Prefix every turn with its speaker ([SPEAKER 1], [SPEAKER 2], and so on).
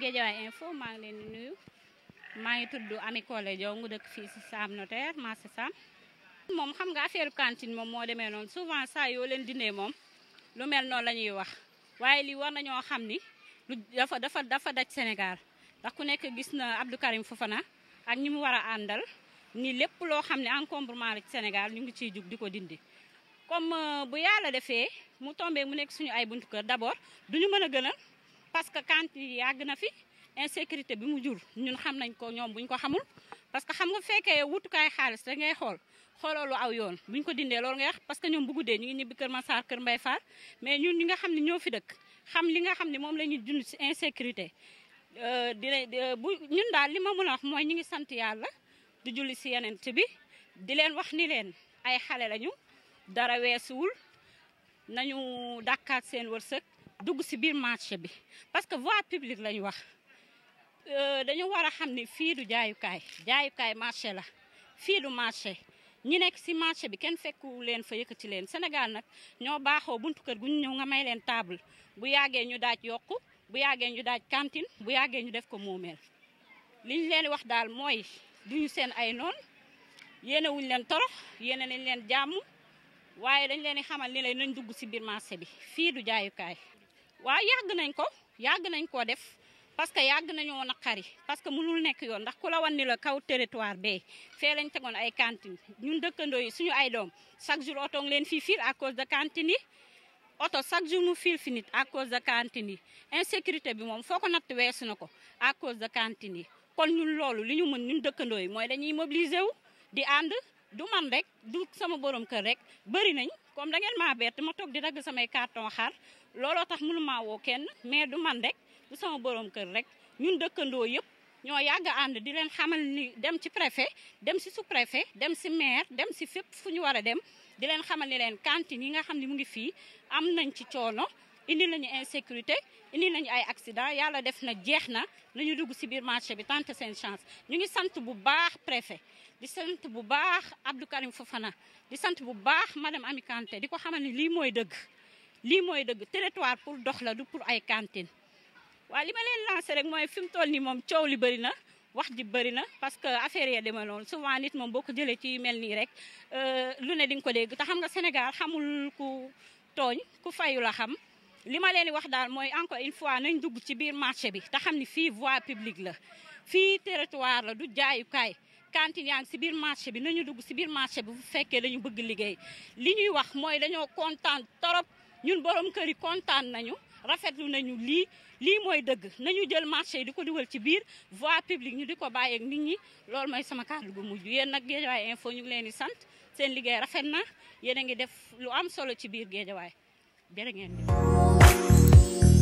[SPEAKER 1] Guédiawaye info maa ngi leen di nuyu maa ngi tudd Ami Collé Diaw ngu dëkk fii si Sam Notaire marché Sam moom xam nga affaire cantine moom moo demee noonu souvent saa yoo leen dindee moom lu mel noonu la ñuy wax waaye lii war nañoo xam ni lu dafa dafa daj Sénégal ndax ku nekk gis na Abdou Karim Fofana ak ñi mu war a àndal ni lépp loo xam ne encombrement la ci Sénégal ñu ngi ciy jug di ko dindi comme euh, bu yàlla defee mu tombee mu nekk suñu ay buntu kër d'abord duñu mën a parce que quand yàgg na fi insécurité bi mu jur ñun xam nañ ko ñoom buñ ko xamul parce que xam nga fekkee wutukaay xaalis da ngay xool xooloolu aw yoon buñ ko dindee loolu ngay wax parce que ñoom bu guddee ñu ngi ñibbi Kër Massar Kër Mbay far mais ñun ñi nga xam ne fi dëkk xam li nga xam ne moom la ñuy dund si insécurité euh, euh, bu ñun daal li ma mën a wax mooy ñu ngi sant yàlla di julli bi di leen wax ni leen ay lañu dara weesuwul nañu dàkkaat seen wërsëg dugg si biir marché bi parce que voie publique lañu wax euh, dañu war a xam ni fii du jaayukaay jaayukaay marché la fii du marché ñi nekk si marché bi kenn fekku leen fa yëkkati leen Sénégal nag ñoo baaxoo buntu kër gu ñu ñëw nga may leen table bu yàggee ñu daaj yokku bu yàggee ñu daaj cantine bu yàggee ñu def ko moomeel liñ leen wax daal mooy duñu seen ay noon yéene wuñ leen torox yéene nañ leen jàmm waaye dañ leen di xamal ni lay nañ dugg si biir marché bi fii du jaayukaay waaw yàgg nañ ko yàgg nañ koo def parce que yàgg nañoo naqari parce que mënul nekk yoon ndax ku la ni la kaw territoire bee fee lañ tegoon ay cantine ñun dëkkandoo yi suñu ay doom chaque jour oto leen fii fiir à cause de cantine oto chaque jour mu fiil fi nit à cause de cantine yi insécurité bi moom foo ko natt weesu na ko à cause de cantine yi kon ñun loolu li ñu mën ñun dëkkandoo yi mooy dañuy mobiliser wu di ànd du man rek du sama borom kër rek bëri nañ comme da ngeen maa bett ma toog di dagg samay carton xar looloo tax mënu maa woo kenn mais du man rek du sama borom kër rek ñun dëkkandoo yëpp ñoo yàgg ànd di leen xamal ni dem ci préfet dem si sous-préfet dem si maire dem si fépp fu ñu war dem di leen xamal ni leen cantine yi nga xam ni mu ngi fii am nañ ci coono indi nañu insécurité indi nañu ay accident yàlla def na jeex na nañu dugg ci biir marché bi tenter seen chance ñu ngi sant bu baax préfet di sant bu baax Abdou Karim Fofana di sant bu baax madame Ami Kanté di ko xamal ne lii mooy dëgg lii mooy dëgg territoire pour dox la du pour ay cantine waaw li ma leen lancé rek mooy fi mu toll nii moom coow li bëri na wax ji bëri na parce que affaire ya demee noonu souvent nit moom boo ko jëlee ci mel nii rek euh, lu ne di nga ko dégg te xam nga Sénégal xamul ku tooñ ku fayu la xam li ma leen di wax daal mooy encore une fois nañ dugg ci biir marché bi te xam ni fii vois publique la fii territoire la du jaayukaay cantine yaa ngi si biir marché bi nañu dugg si biir marché bi bu fekkee lañu bëgg liggéey li ñuy wax mooy dañoo kontaan torop ñun borom kër yi kontaan nañu rafetlu nañu lii lii mooy dëgg nañu jël marché yi di ko dugal ci biir vois publique ñu di ko bàyyeek nit ñi lool mooy sama kàddu gu mujj yéen nag Guédiawaye info ñu ngi leen di sant seen liggéey rafet na yéen a ngi def lu am solo ci biir Guédiawaye Better get it.